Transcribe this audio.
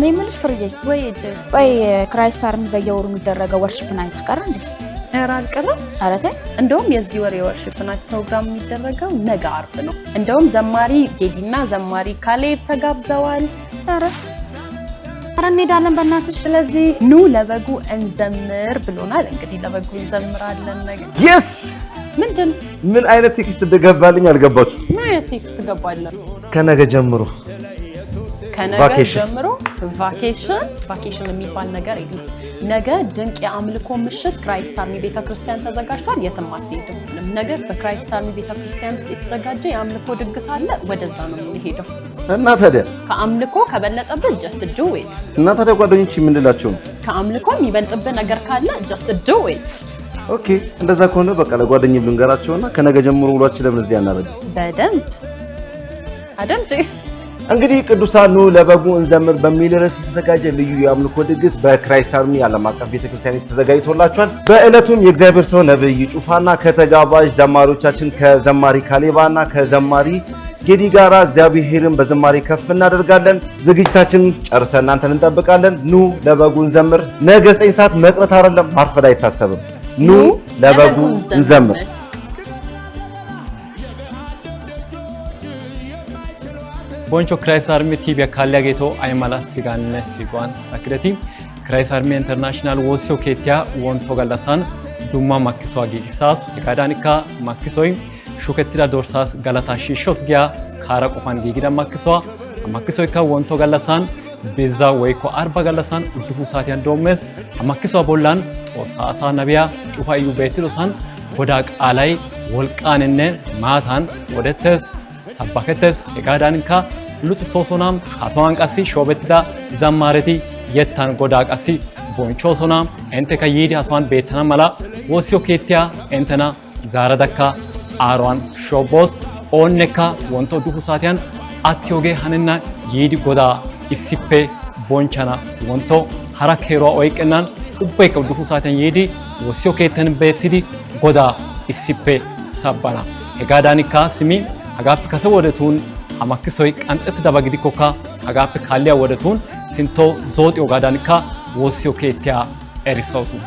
እኔ የምልሽ ፍርዬ፣ ወይ ወይ ክራይስት አርሚ በየወሩ የሚደረገው ወርሽፕ ናይት ቀረ እንዴ? ኧረ አልቀረም። ኧረ ተይ። እንደውም የዚህ ወር የወርሽፕ ናይት ፕሮግራም የሚደረገው ነገ አርብ ነው። እንደውም ዘማሪ ጌዲና ዘማሪ ካሌብ ተጋብዘዋል። ኧረ አረ እንሄዳለን በእናትሽ። ስለዚህ ኑ ለበጉ እንዘምር ብሎናል። እንግዲህ ለበጉ እንዘምራለን ነገ። የስ ምንድን ምን አይነት ቴክስት ገባልኝ? አልገባችሁ? ምን አይነት ቴክስት ገባለን? ከነገ ጀምሮ ከነገ ጀምሮ ቫኬሽን ቫኬሽን የሚባል ነገር ነገ ድንቅ የአምልኮ ምሽት ክራይስት አርሚ ቤተክርስቲያን ተዘጋጅቷል። የትም አትሄድም። ነገ በክራይስት አርሚ ቤተክርስቲያን ውስጥ የተዘጋጀ የአምልኮ ድግስ አለ። ወደዛ ነው የምንሄደው። እና ታዲያ ከአምልኮ ከበለጠብን ጀስት ዱ ኢት። እና ታዲያ ጓደኞች የምንላቸው ነው። ከአምልኮ የሚበልጥብን ነገር ካለ ጀስት ዱ ኢት። ኦኬ፣ እንደዛ ከሆነ በቃ ለጓደኝ ብልንገራቸውና ከነገ ጀምሮ ውሏችን ለምን እዚህ አናረግ በደንብ አደምጭ እንግዲህ ቅዱሳኑ ለበጉ እንዘምር በሚል ርዕስ የተዘጋጀ ልዩ የአምልኮ ድግስ በክራይስት አርሚ ዓለም አቀፍ ቤተክርስቲያን ተዘጋጅቶላቸዋል። በዕለቱም የእግዚአብሔር ሰው ነብይ ጩፋና ከተጋባዥ ዘማሪዎቻችን ከዘማሪ ካሌባና ከዘማሪ ጌዲ ጋራ እግዚአብሔርን በዝማሬ ከፍ እናደርጋለን። ዝግጅታችንን ጨርሰ እናንተን እንጠብቃለን። ኑ ለበጉ እንዘምር። ነገ 9 ሰዓት መቅረት አይደለም፣ ማርፈድ አይታሰብም። ኑ ለበጉ እንዘምር። Boncho Christ Army TV akkalle geetoo aimala sigan sigwan akreti Christ Army International woossiyo keettiya wontoo gallassaan dumma makkisuwa giigisaasu. Hekaadaanikka makkisoy shukettida dorsaas galataa shiishshoos giya kaara qofaan makiswa makkisuwa. won togalasan gallassaan weko arba galasan utufu satyan domes makiswa bolan ቦላን ጦሳ አሳ ነቢያ ጩፋዩ ቤትሎሳን ወዳ ቃላይ ወልቃንነ ማታን ወደተስ sabbakettes eqaadaaninka luxisoosonaam haasawaan qassi shoobettida zammaareti yettan godaa qassi bonchoosonaam enteka yiidi hasawan beettana mala wosiyo keettiya entena zaaradakka aaroan shoobboos oonnekka wonto uddufu saatiyan attiyogee hanenna yiidi godaa issippe bonchana wonto hara keeruwa oyqqennan ubbaykka uddufu saatiyan yiidi wosiyo keettan beettidi godaa issippe sabbana hegaadaanikka simi hagaappe kase wodetun amakkisoy qanxxettidaba gidikkokka hagaappe kaalliya wodetun sinttawu zooxiyoogaadankka woossiyo keettiya erissawusu.